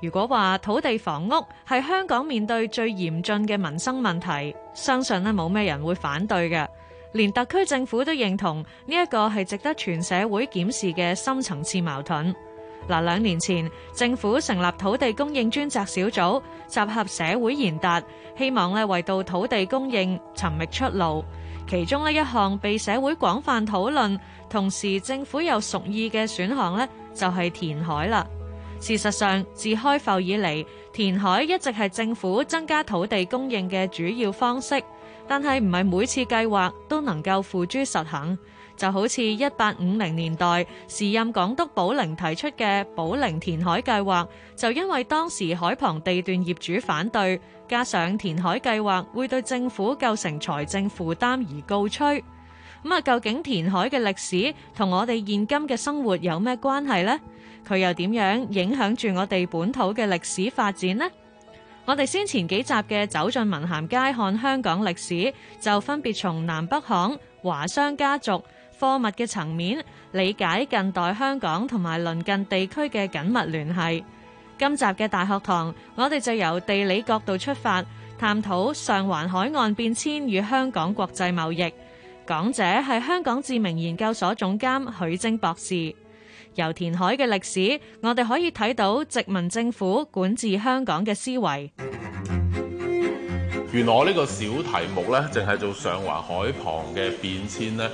如果話土地房屋係香港面對最嚴峻嘅民生問題，相信呢冇咩人會反對嘅。連特區政府都認同呢一個係值得全社會檢視嘅深層次矛盾。嗱，兩年前政府成立土地供應專責小組，集合社會賢達，希望呢為到土地供應尋覓出路。其中呢一項被社會廣泛討論，同時政府又屬意嘅選項呢就係填海啦。事實上，自開埠以嚟，填海一直係政府增加土地供應嘅主要方式。但係唔係每次計劃都能夠付諸實行。就好似一八五零年代時任港督寶靈提出嘅寶靈填海計劃，就因為當時海旁地段業主反對，加上填海計劃會對政府構成財政負擔而告吹。咁啊，究竟填海嘅歷史同我哋現今嘅生活有咩關係呢？佢又點樣影響住我哋本土嘅歷史發展呢？我哋先前幾集嘅《走進文咸街看香港歷史》就分別從南北巷、華商家族、貨物嘅層面理解近代香港同埋鄰近地區嘅緊密聯繫。今集嘅大學堂，我哋就由地理角度出發，探討上環海岸變遷與香港國際貿易。講者係香港知名研究所總監許晶博士。由填海嘅歷史，我哋可以睇到殖民政府管治香港嘅思維。原來我呢個小題目呢，淨係做上環海旁嘅變遷呢，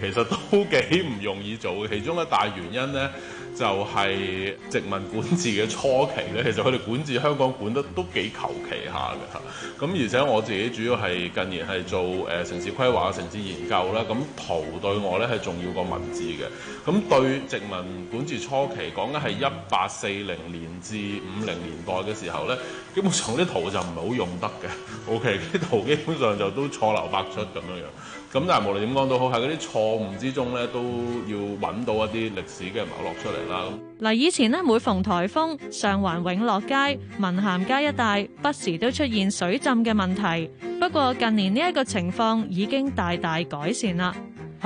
其實都幾唔容易做嘅。其中一大原因呢，就係、是、殖民管治嘅初期咧，其實佢哋管治香港管得都幾求其下嘅嚇。咁、啊、而且我自己主要係近年係做誒、呃、城市規劃、城市研究啦。咁、啊、圖對我呢，係重要過文字嘅。咁、啊、對殖民管治初期講緊係一八四零年至五零年代嘅時候呢。基本上啲圖就唔係好用得嘅，OK，啲圖基本上就都錯漏百出咁樣樣。咁但係無論點講都好，喺嗰啲錯誤之中咧，都要揾到一啲歷史嘅脈絡出嚟啦。嗱，以前咧，每逢颱風，上環永樂街、文咸街一帶不時都出現水浸嘅問題。不過近年呢一個情況已經大大改善啦。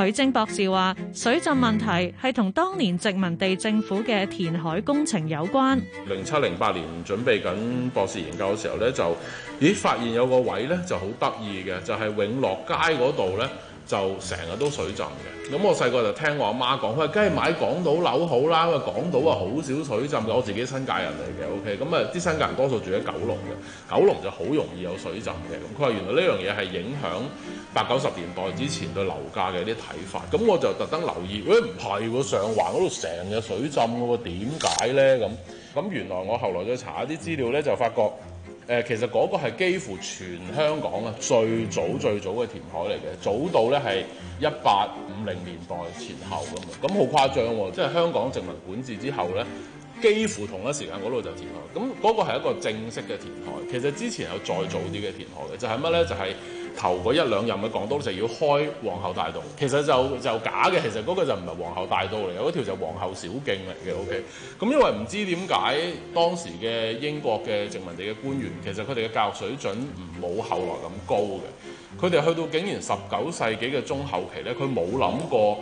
許正博士話：水浸問題係同當年殖民地政府嘅填海工程有關。零七零八年準備緊博士研究嘅時候咧，就咦發現有個位咧就好得意嘅，就係、就係、永樂街嗰度咧。就成日都水浸嘅，咁我細個就聽我阿媽講，佢話梗係買港島樓好啦，因為港島啊好少水浸嘅。我自己新界人嚟嘅，OK，咁啊啲新界人多數住喺九龍嘅，九龍就好容易有水浸嘅。咁佢話原來呢樣嘢係影響八九十年代之前對樓價嘅啲睇法，咁我就特登留意，喂唔係喎，上環嗰度成日水浸嘅喎，點解呢？咁咁原來我後來再查一啲資料呢，就發覺。誒、呃，其實嗰個係幾乎全香港啊，最早最早嘅填海嚟嘅，早到呢係一八五零年代前後咁啊，咁好誇張喎！即係香港殖民管治之後呢，幾乎同一時間嗰度就填海，咁嗰個係一個正式嘅填海。其實之前有再早啲嘅填海嘅，就係、係、乜呢？就係、係。頭嗰一兩任嘅港督就要開皇后大道，其實就就假嘅。其實嗰個就唔係皇后大道嚟，嗰條就皇后小徑嚟嘅。O K。咁因為唔知點解當時嘅英國嘅殖民地嘅官員，其實佢哋嘅教育水準冇後來咁高嘅，佢哋去到竟然十九世紀嘅中後期呢，佢冇諗過，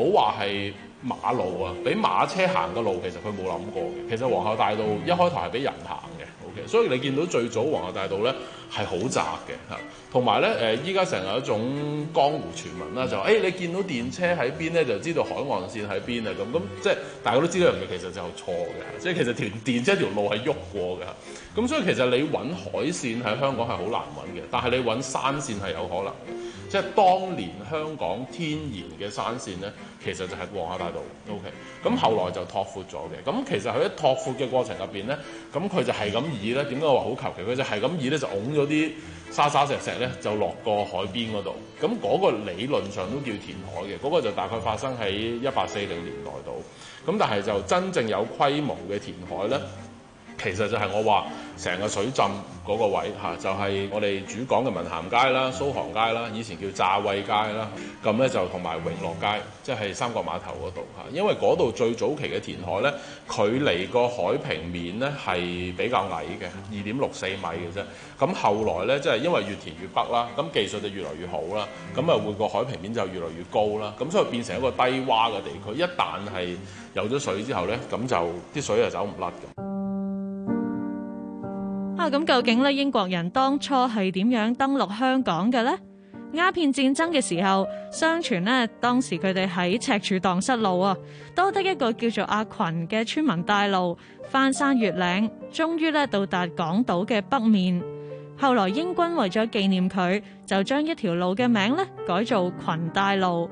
唔好話係馬路啊，俾馬車行嘅路其實佢冇諗過嘅。其實皇后大道一開頭係俾人行嘅。O K。所以你見到最早皇后大道呢。係好窄嘅嚇，同埋咧誒，依家成日有一種江湖傳聞啦，嗯、就誒、哎、你見到電車喺邊咧，就知道海岸線喺邊啊咁咁，即係大家都知道人哋其實就錯嘅，即係其實條電即係條路係喐過嘅，咁所以其實你揾海線喺香港係好難揾嘅，但係你揾山線係有可能，即係當年香港天然嘅山線咧，其實就係皇后大道，OK，咁後來就拓闊咗嘅，咁其實佢喺拓闊嘅過程入邊咧，咁佢就係咁以咧，點解我話好求其？佢就係咁以咧，就㧬。就嗰啲沙沙石石咧，就落過海邊嗰度，咁嗰個理論上都叫填海嘅，嗰個就大概發生喺一八四零年代度，咁但係就真正有規模嘅填海咧。其實就係我話成個水浸嗰個位嚇、啊，就係、是、我哋主講嘅文咸街啦、蘇杭街啦，以前叫乍畏街啦。咁、啊、呢，就同埋永樂街，即係三角碼頭嗰度嚇。因為嗰度最早期嘅填海呢，距離個海平面呢係比較矮嘅，二點六四米嘅啫。咁、啊、後來呢，即、就、係、是、因為越填越北啦，咁、啊、技術就越來越好啦，咁啊會個、啊、海平面就越來越高啦。咁、啊、所以變成一個低洼嘅地區。一旦係有咗水之後呢，咁就啲水就走唔甩嘅。啊，咁究竟咧英國人當初係點樣登陸香港嘅呢？鴉片戰爭嘅時候，相傳咧當時佢哋喺赤柱蕩失路啊，多得一個叫做阿群嘅村民帶路，翻山越嶺，終於咧到達港島嘅北面。後來英軍為咗紀念佢，就將一條路嘅名咧改做群帶路。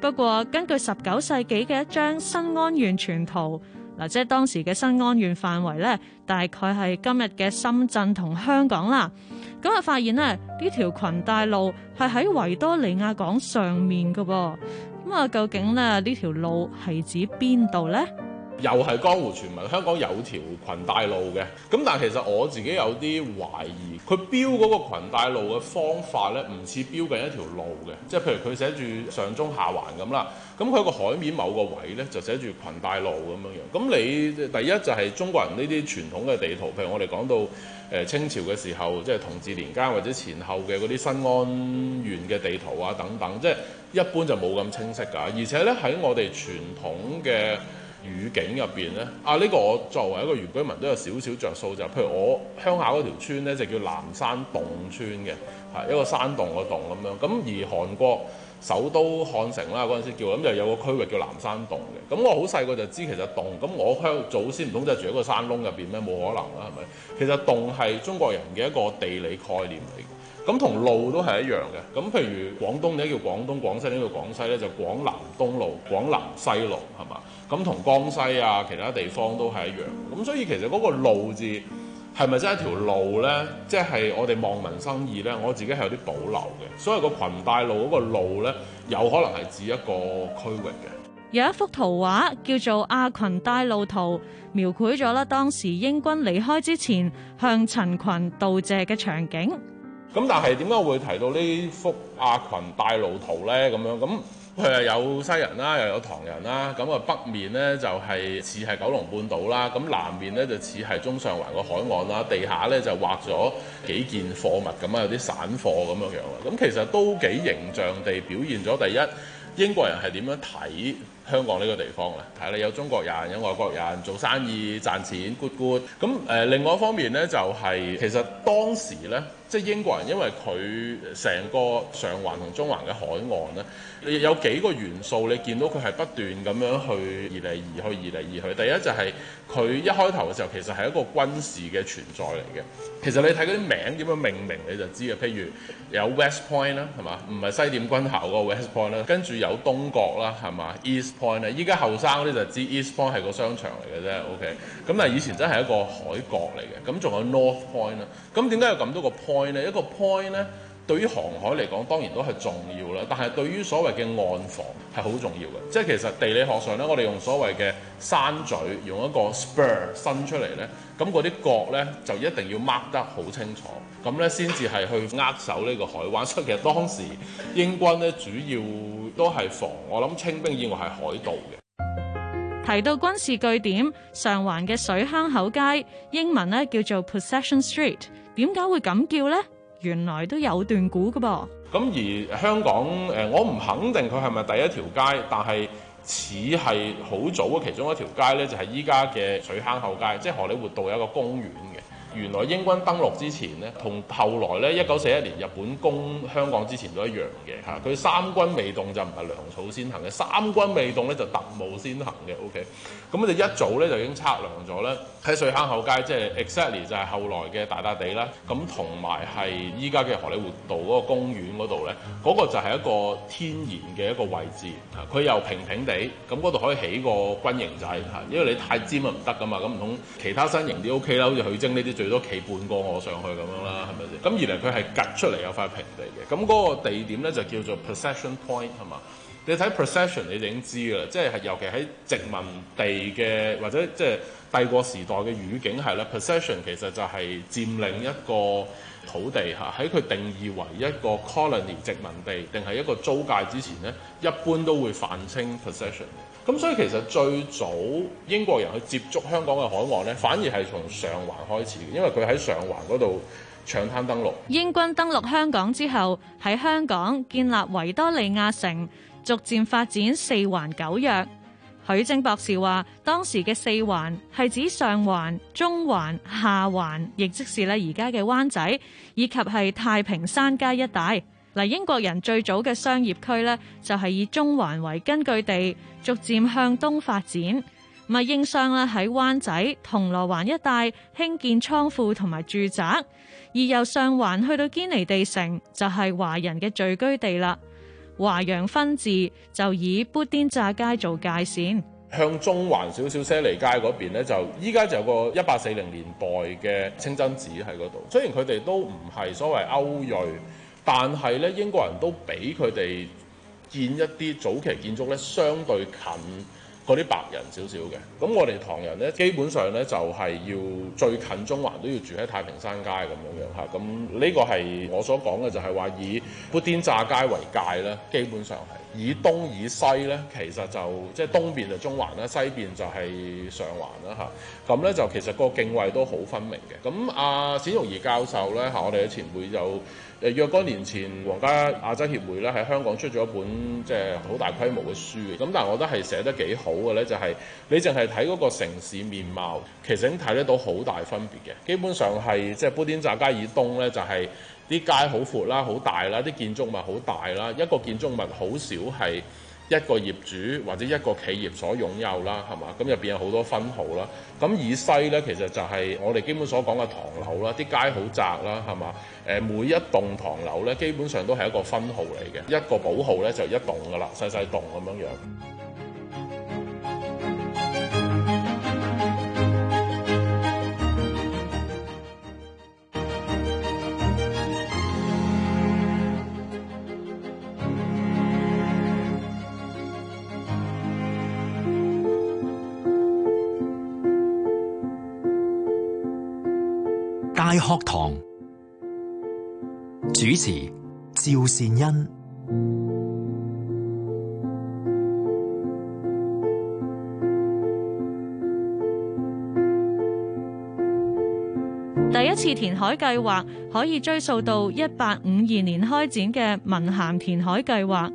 不過根據十九世紀嘅一張新安縣全圖。嗱，即係當時嘅新安縣範圍咧，大概係今日嘅深圳同香港啦。咁啊，發現咧呢條裙帶路係喺維多利亞港上面㗎噃。咁啊，究竟咧呢條路係指邊度咧？又係江湖傳聞，香港有條羣帶路嘅。咁但係其實我自己有啲懷疑，佢標嗰個羣帶路嘅方法呢，唔似標緊一條路嘅。即係譬如佢寫住上中下環咁啦，咁佢個海面某個位呢，就寫住羣帶路咁樣樣。咁你第一就係中國人呢啲傳統嘅地圖，譬如我哋講到誒清朝嘅時候，即係同治年間或者前後嘅嗰啲新安縣嘅地圖啊等等，即係一般就冇咁清晰㗎。而且呢，喺我哋傳統嘅語境入邊呢，啊呢、呢個我作為一個原居民都有少少着數，就係、譬如我鄉下嗰條村呢，就叫南山洞村嘅，係一個山洞個洞咁樣。咁而韓國首都漢城啦嗰陣時叫，咁就有個區域叫南山洞嘅。咁我好細個就知其實洞，咁我鄉祖先唔通就住喺個山窿入邊咩？冇可能啦，係咪？其實洞係中國人嘅一個地理概念嚟。咁同路都係一樣嘅。咁譬如廣東，你叫廣東廣西，呢叫廣西咧，就廣南東路、廣南西路，係嘛？咁同江西啊，其他地方都係一樣。咁所以其實嗰個路字係咪真係一條路咧？即係我哋望文生義咧，我自己係有啲保留嘅。所以個群帶路嗰個路咧，有可能係指一個區域嘅。有一幅圖畫叫做《阿群帶路圖》描繪咗啦當時英軍離開之前向陳群道謝嘅場景。咁但係點解會提到呢幅阿群帶路圖呢？咁樣，咁佢又有西人啦，又有唐人啦。咁啊北面呢，就係似係九龍半島啦。咁南面呢，就似係中上環個海岸啦。地下呢，就畫咗幾件貨物咁啊，有啲散貨咁樣樣，咁其實都幾形象地表現咗。第一，英國人係點樣睇。香港呢個地方啦，係啦，有中國人，有外國人做生意賺錢，good good。咁、呃、誒，另外一方面呢，就係、是、其實當時呢，即係英國人，因為佢成個上環同中環嘅海岸呢，你有幾個元素，你見到佢係不斷咁樣去移嚟移去，移嚟移去。第一就係、是、佢一開頭嘅時候，其實係一個軍事嘅存在嚟嘅。其實你睇嗰啲名點樣命名，你就知嘅。譬如有 West Point 啦，係嘛？唔係西點軍校嗰個 West Point 啦，跟住有東角啦，係嘛？East 依家後生嗰啲就知 East Point 係個商場嚟嘅啫，OK。咁但係以前真係一個海角嚟嘅，咁仲有 North Point 啊。咁點解有咁多個 point 咧？一個 point 咧？對於航海嚟講，當然都係重要啦。但係對於所謂嘅岸防係好重要嘅，即係其實地理學上咧，我哋用所謂嘅山嘴，用一個 spur 伸出嚟咧，咁嗰啲角咧就一定要 mark 得好清楚，咁咧先至係去扼守呢個海灣。所以其實當時英軍咧主要都係防，我諗清兵以外係海盜嘅。提到軍事據點，上環嘅水坑口街英文咧叫做 Possession Street，點解會咁叫呢？原來都有段古嘅噃，咁而香港誒，我唔肯定佢係咪第一條街，但係似係好早嘅其中一條街呢，就係依家嘅水坑口街，即係荷里活道有一個公園嘅。原來英軍登陸之前咧，同後來咧一九四一年日本攻香港之前都一樣嘅嚇。佢、啊、三軍未動就唔係糧草先行嘅，三軍未動咧就特務先行嘅。O K. 咁我哋一早咧就已經測量咗咧喺水坑口街，即係 exactly 就係、是、ex 後來嘅大笪地啦。咁同埋係依家嘅荷里活道嗰個公園嗰度咧，嗰、那個就係一個天然嘅一個位置啊。佢又平平地，咁嗰度可以起個軍營仔嚇、啊，因為你太尖啊唔得噶嘛。咁唔通其他身形啲 O K 啦，好似許晶呢啲。最多企半個我上去咁樣啦，係咪先？咁而嚟佢係隔出嚟有塊平地嘅，咁嗰個地點咧就叫做 Possession Point 係嘛？你睇 possession，你哋已經知噶啦，即係係尤其喺殖民地嘅或者即係帝國時代嘅語境係咧 possession 其實就係佔領一個土地吓，喺佢定義為一個 colony 殖民地定係一個租界之前咧，一般都會泛稱 possession。咁所以其實最早英國人去接觸香港嘅海岸咧，反而係從上環開始，因為佢喺上環嗰度搶灘登陸。英軍登陸香港之後，喺香港建立維多利亞城。逐漸發展四環九約，許正博士話：當時嘅四環係指上環、中環、下環，亦即是咧而家嘅灣仔以及係太平山街一帶。嗱，英國人最早嘅商業區呢，就係以中環為根據地，逐漸向東發展。咁啊，英商咧喺灣仔、銅鑼灣一帶興建倉庫同埋住宅，而由上環去到堅尼地城，就係是華人嘅聚居地啦。華洋分治就以砵甸乍街做界線，向中環少少些利街嗰邊咧，就依家就有個一八四零年代嘅清真寺喺嗰度。雖然佢哋都唔係所謂歐裔，但係咧英國人都俾佢哋建一啲早期建築咧，相對近。嗰啲白人少少嘅，咁我哋唐人呢，基本上呢，就係要最近中環都要住喺太平山街咁樣樣嚇。咁呢個係我所講嘅，就係話以砵甸乍街為界咧，基本上係以東以西呢，其實就即係、就係、東邊就中環啦，西邊就係上環啦嚇。咁呢，就其實個敬畏都好分明嘅。咁阿冼玉儀教授呢，嚇，我哋嘅前輩就。若干年前，皇家亞洲協會咧喺香港出咗一本即係好大規模嘅書嘅，咁但係我覺得係寫得幾好嘅呢就係、是、你淨係睇嗰個城市面貌，其實咁睇得到好大分別嘅。基本上係即係砵甸乍街以東呢，就係、是、啲街好闊啦、好大啦，啲建築物好大啦，一個建築物好少係。一個業主或者一個企業所擁有啦，係嘛？咁入邊有好多分號啦。咁以西呢，其實就係我哋基本所講嘅唐樓啦，啲街好窄啦，係嘛？誒，每一棟唐樓呢，基本上都係一個分號嚟嘅，一個寶號呢，就一棟㗎啦，細細棟咁樣樣。主持趙善恩，第一次填海計劃可以追溯到一八五二年開展嘅文咸填海計劃。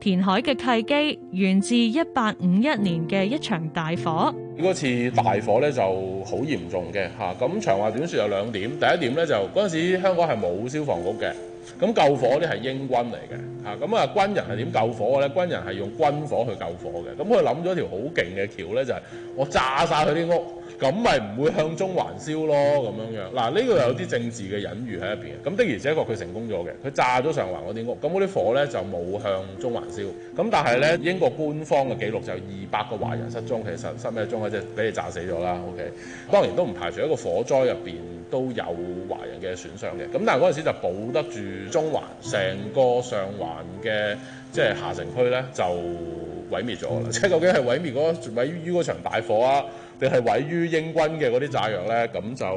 填海嘅契機源自一八五一年嘅一場大火。.嗰次大火咧就好嚴重嘅嚇。咁、啊、長話短説有兩點。第一點咧就嗰陣時香港係冇消防局嘅。咁救火啲係英軍嚟嘅嚇。咁啊軍人係點救火嘅咧？軍人係用軍火去救火嘅。咁佢諗咗條好勁嘅橋咧，就係、是、我炸晒佢啲屋。咁咪唔會向中環燒咯，咁樣樣嗱，呢個有啲政治嘅隱喻喺入邊嘅。咁的而且確佢成功咗嘅，佢炸咗上環嗰啲屋，咁嗰啲火呢就冇向中環燒。咁但係呢，嗯、英國官方嘅記錄就二百個華人失蹤，其實失咩蹤，啊？即係俾佢炸死咗啦。OK，當然都唔排除一個火災入邊都有華人嘅損傷嘅。咁但係嗰陣時就保得住中環，成個上環嘅即係下城區呢就毀滅咗啦。嗯、即係究竟係毀滅嗰、那個，咪於嗰場大火啊？定係位於英軍嘅嗰啲炸藥呢，咁就誒、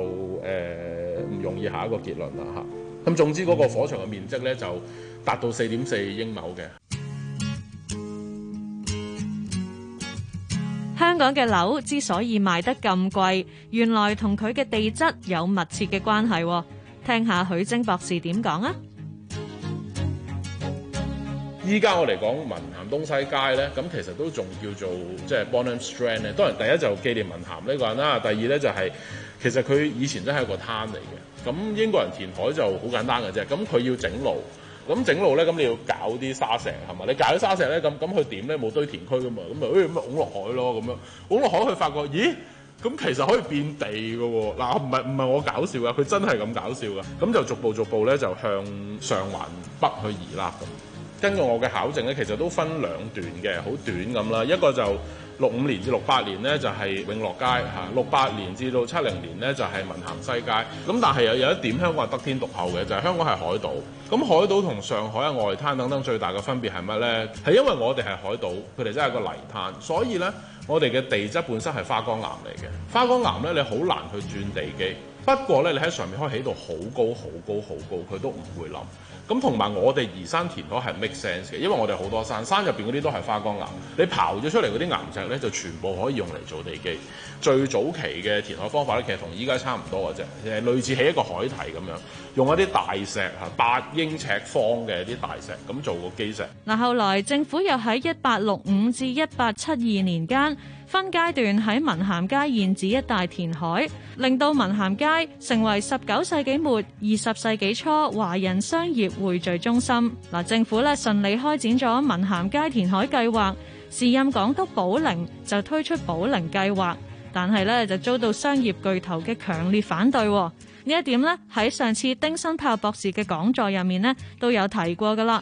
呃、唔容易下一個結論啦嚇。咁總之嗰個火場嘅面積呢，就達到四點四英畝嘅。香港嘅樓之所以賣得咁貴，原來同佢嘅地質有密切嘅關係啊。聽下許晶博士點講啊！依家我嚟講文咸東西街咧，咁其實都仲叫做即係 Bonham Strand 咧。就是、strength, 當然第一就紀念文咸呢個人啦，第二咧就係、是、其實佢以前都係一個攤嚟嘅。咁英國人填海就好簡單嘅啫。咁佢要整路，咁整路咧咁你要搞啲沙石係嘛？你搞啲沙石咧，咁咁佢點咧冇堆填區㗎嘛？咁啊誒，咪拱落海咯咁樣，拱落海佢發覺，咦？咁其實可以變地㗎喎。嗱、啊，唔係唔係我搞笑㗎，佢真係咁搞笑㗎。咁就逐步逐步咧就向上環北去移喇。根據我嘅考證咧，其實都分兩段嘅，好短咁啦。一個就六五年至六八年呢，就係永樂街嚇；六八年至到七零年呢，就係文咸西街。咁、嗯、但係又有，有一點香港係得天獨厚嘅，就係、是、香港係海島。咁海島同上海啊外灘等等最大嘅分別係乜呢？係因為我哋係海島，佢哋真係個泥灘，所以呢，我哋嘅地質本身係花崗岩嚟嘅。花崗岩呢，你好難去轉地基。不過呢，你喺上面可以起到好高、好高、好高，佢都唔會冧。咁同埋我哋移山填海係 make sense 嘅，因為我哋好多山，山入邊嗰啲都係花崗岩，你刨咗出嚟嗰啲岩石咧，就全部可以用嚟做地基。最早期嘅填海方法咧，其實同依家差唔多嘅啫，誒，類似起一個海堤咁樣，用一啲大石吓，八英尺方嘅啲大石咁做個基石。嗱，後來政府又喺一八六五至一八七二年間。分階段喺文咸街現址一帶填海，令到文咸街成為十九世紀末二十世紀初華人商業匯聚中心。嗱，政府咧，順利開展咗文咸街填海計劃。時任港督寶寧就推出寶寧計劃，但係咧，就遭到商業巨頭嘅強烈反對。呢一點咧，喺上次丁新豹博士嘅講座入面咧，都有提過㗎喇。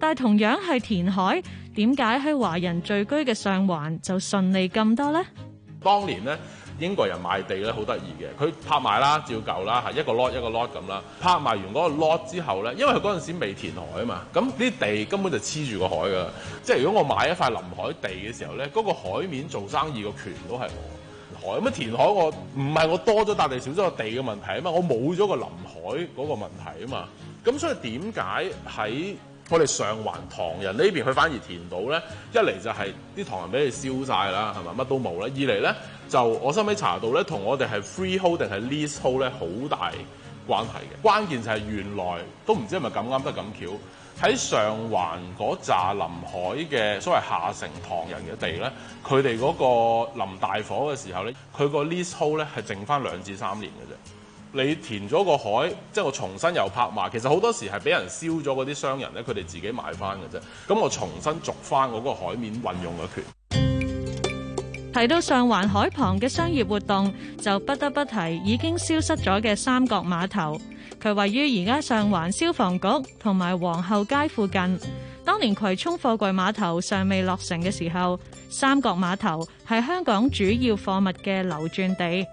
但同樣係填海。點解喺華人聚居嘅上環就順利咁多咧？當年咧，英國人賣地咧好得意嘅，佢拍賣啦，照舊啦，係一個 lot 一個 lot 咁啦。拍賣完嗰個 lot 之後咧，因為佢嗰陣時未填海啊嘛，咁啲地根本就黐住個海噶。即係如果我買一塊臨海地嘅時候咧，嗰個海面做生意個權都係我海。咁啊填海我唔係我多咗笪地少咗個地嘅問題啊嘛，我冇咗個臨海嗰個問題啊嘛。咁所以點解喺？我哋上環唐人呢邊，佢反而填到咧，一嚟就係、是、啲唐人俾你燒晒啦，係咪？乜都冇啦；二嚟咧就我收尾查到咧，同我哋係 freehold 定係 leasehold 咧好大關係嘅。關鍵就係原來都唔知係咪咁啱得咁巧，喺上環嗰揸臨海嘅所謂下城唐人嘅地咧，佢哋嗰個林大火嘅時候咧，佢個 leasehold 咧係剩翻兩至三年嘅啫。你填咗個海，即係我重新又拍賣。其實好多時係俾人燒咗嗰啲商人咧，佢哋自己買翻嘅啫。咁我重新續翻嗰個海面運用嘅權。提到上環海旁嘅商業活動，就不得不提已經消失咗嘅三角碼頭。佢位於而家上環消防局同埋皇后街附近。當年葵涌貨櫃碼頭尚未落成嘅時候，三角碼頭係香港主要貨物嘅流轉地。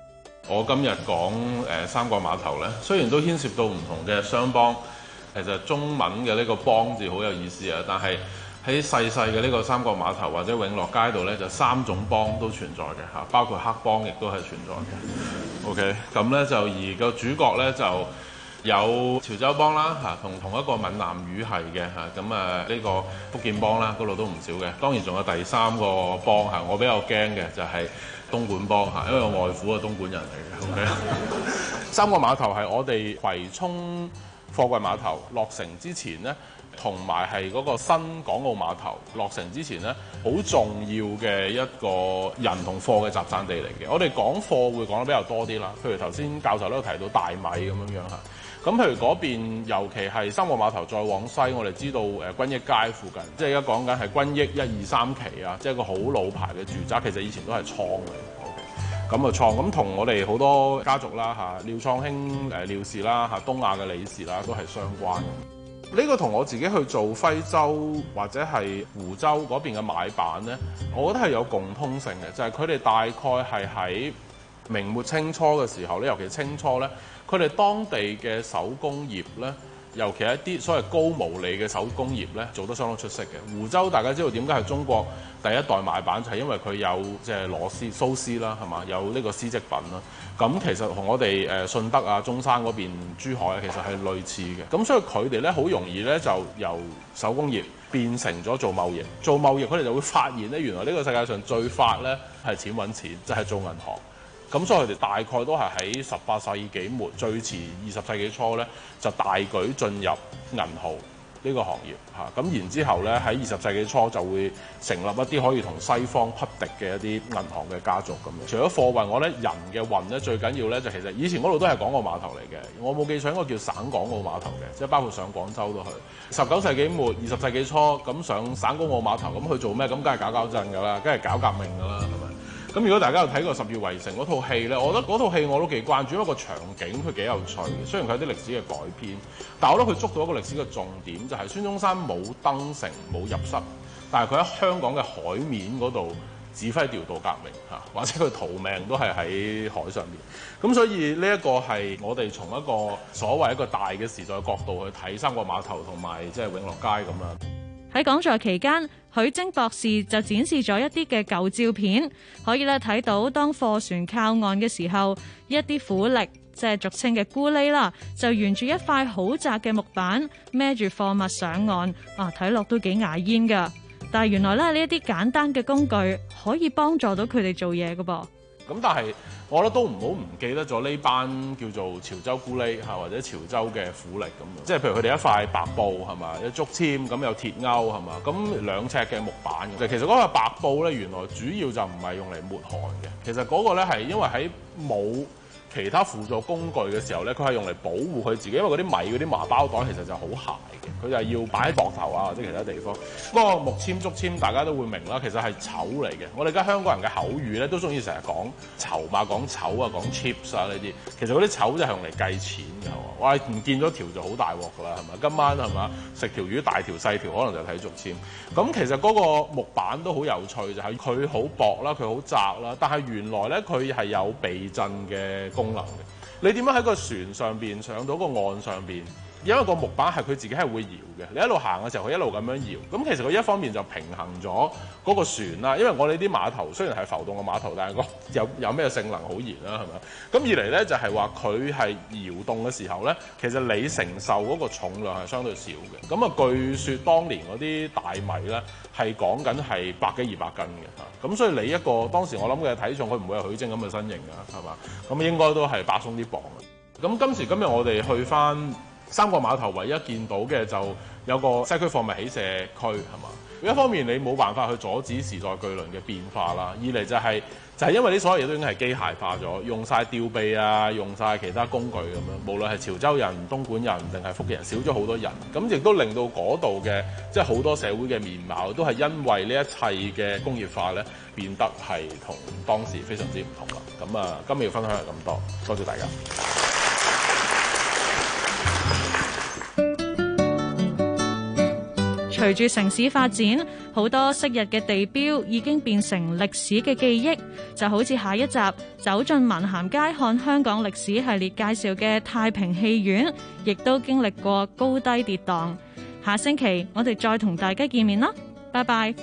我今日講誒、呃、三角碼頭咧，雖然都牽涉到唔同嘅商幫，其實中文嘅呢個幫字好有意思啊。但係喺細細嘅呢個三角碼頭或者永樂街度呢，就三種幫都存在嘅嚇，包括黑幫亦都係存在嘅。OK，咁呢就而個主角呢就。有潮州幫啦嚇，同同一個閩南語系嘅嚇，咁啊呢個福建幫啦，嗰度都唔少嘅。當然仲有第三個幫嚇，我比較驚嘅就係、是、東莞幫嚇，因為我外父係東莞人嚟嘅。 三個碼頭係我哋葵涌貨櫃碼頭落成之前呢，同埋係嗰個新港澳碼頭落成之前呢，好重要嘅一個人同貨嘅集散地嚟嘅。我哋講貨會講得比較多啲啦，譬如頭先教授都提到大米咁樣樣嚇。咁譬如嗰邊，尤其係三角碼頭再往西，我哋知道誒均益街附近，即係而家講緊係均益一二三期啊，即係個好老牌嘅住宅，其實以前都係倉嚟嘅。咁啊倉，咁同我哋好多家族啦嚇，廖創興誒廖氏啦嚇，東亞嘅李氏啦，都係相關。呢、這個同我自己去做徽州或者係湖州嗰邊嘅買板咧，我覺得係有共通性嘅，就係佢哋大概係喺，明末清初嘅時候咧，尤其清初咧，佢哋當地嘅手工業咧，尤其一啲所謂高毛利嘅手工業咧，做得相當出色嘅。湖州大家知道點解係中國第一代買辦，就係因為佢有即係螺絲、蘇絲啦，係嘛有呢個絲織品啦。咁其實同我哋誒順德啊、中山嗰邊、珠海啊，其實係類似嘅。咁所以佢哋咧好容易咧就由手工業變成咗做貿易，做貿易佢哋就會發現咧，原來呢個世界上最發咧係錢揾錢，即係做銀行。咁所以佢哋大概都係喺十八世紀末，最遲二十世紀初呢，就大舉進入銀行呢個行業。嚇、啊。咁然之後呢，喺二十世紀初就會成立一啲可以同西方匹敵嘅一啲銀行嘅家族咁樣。除咗貨運，我呢人嘅運呢，最緊要呢，就其實以前嗰度都係港澳碼頭嚟嘅。我冇記錯，應該叫省港澳碼頭嘅，即係包括上廣州都去。十九世紀末、二十世紀初咁上省港澳碼頭，咁去做咩？咁梗係搞搞震㗎啦，梗係搞革命㗎啦。咁如果大家有睇過《十月圍城》嗰套戲呢，我覺得嗰套戲我都幾關注，因為個場景佢幾有趣。雖然佢有啲歷史嘅改編，但我覺得佢捉到一個歷史嘅重點，就係、是、孫中山冇登城冇入室，但係佢喺香港嘅海面嗰度指揮調度革命嚇，或者佢逃命都係喺海上面。咁所以呢一個係我哋從一個所謂一個大嘅時代角度去睇《三個碼頭》同埋即係永樂街咁樣。喺講座期間，許晶博士就展示咗一啲嘅舊照片，可以咧睇到當貨船靠岸嘅時候，一啲苦力即係俗稱嘅咕哩啦，就沿住一塊好窄嘅木板孭住貨物上岸，啊，睇落都幾牙煙噶但係原來咧呢一啲簡單嘅工具可以幫助到佢哋做嘢噶噃。咁但係。我覺得都唔好唔記得咗呢班叫做潮州咕喱吓，或者潮州嘅苦力咁樣、啊，即係譬如佢哋一塊白布係嘛，有竹籤咁有鐵勾係嘛，咁兩尺嘅木板。就、啊、其實嗰個白布呢，原來主要就唔係用嚟抹汗嘅，其實嗰個呢係因為喺冇。其他輔助工具嘅時候呢，佢係用嚟保護佢自己，因為嗰啲米、嗰啲麻包袋其實就好鞋嘅，佢就係要擺喺膊頭啊或者其他地方。不過嗰個木籤、竹籤大家都會明啦，其實係籌嚟嘅。我哋而家香港人嘅口語呢，都中意成日講籌碼、講籌啊、講 chips 啊呢啲。其實嗰啲籌就係用嚟計錢嘅，係嘛？哇！唔見咗條就好大鑊㗎啦，係咪？今晚係嘛？食條魚大條細條，可能就睇竹籤。咁其實嗰個木板都好有趣，就係佢好薄啦，佢好窄啦，但係原來呢，佢係有避震嘅。功能嘅，你點樣喺個船上邊上到個岸上邊？因為個木板係佢自己係會搖嘅，你一路行嘅時候佢一路咁樣搖。咁其實佢一方面就平衡咗嗰個船啦。因為我哋啲碼頭雖然係浮動嘅碼頭，但係個有有咩性能好嚴啦，係咪啊？咁二嚟呢就係話佢係搖動嘅時候呢，其實你承受嗰個重量係相對少嘅。咁啊，據說當年嗰啲大米呢，係講緊係百幾二百斤嘅嚇。咁所以你一個當時我諗嘅體重，佢唔會有許晶咁嘅身形㗎，係嘛？咁應該都係百鬆啲磅啊。咁今時今日我哋去返。三個碼頭唯一見到嘅就有個西區貨物起卸區，係嘛？一方面你冇辦法去阻止時代巨輪嘅變化啦。二嚟就係、是、就係、是、因為呢所有嘢都已經係機械化咗，用晒吊臂啊，用晒其他工具咁樣。無論係潮州人、東莞人定係福建人，少咗好多人。咁亦都令到嗰度嘅即係好多社會嘅面貌都係因為呢一切嘅工業化呢，變得係同當時非常之唔同噶。咁啊，今日要分享係咁多，多謝大家。隨住城市發展，好多昔日嘅地標已經變成歷史嘅記憶，就好似下一集走進文咸街看香港歷史系列介紹嘅太平戲院，亦都經歷過高低跌宕。下星期我哋再同大家見面啦，拜拜。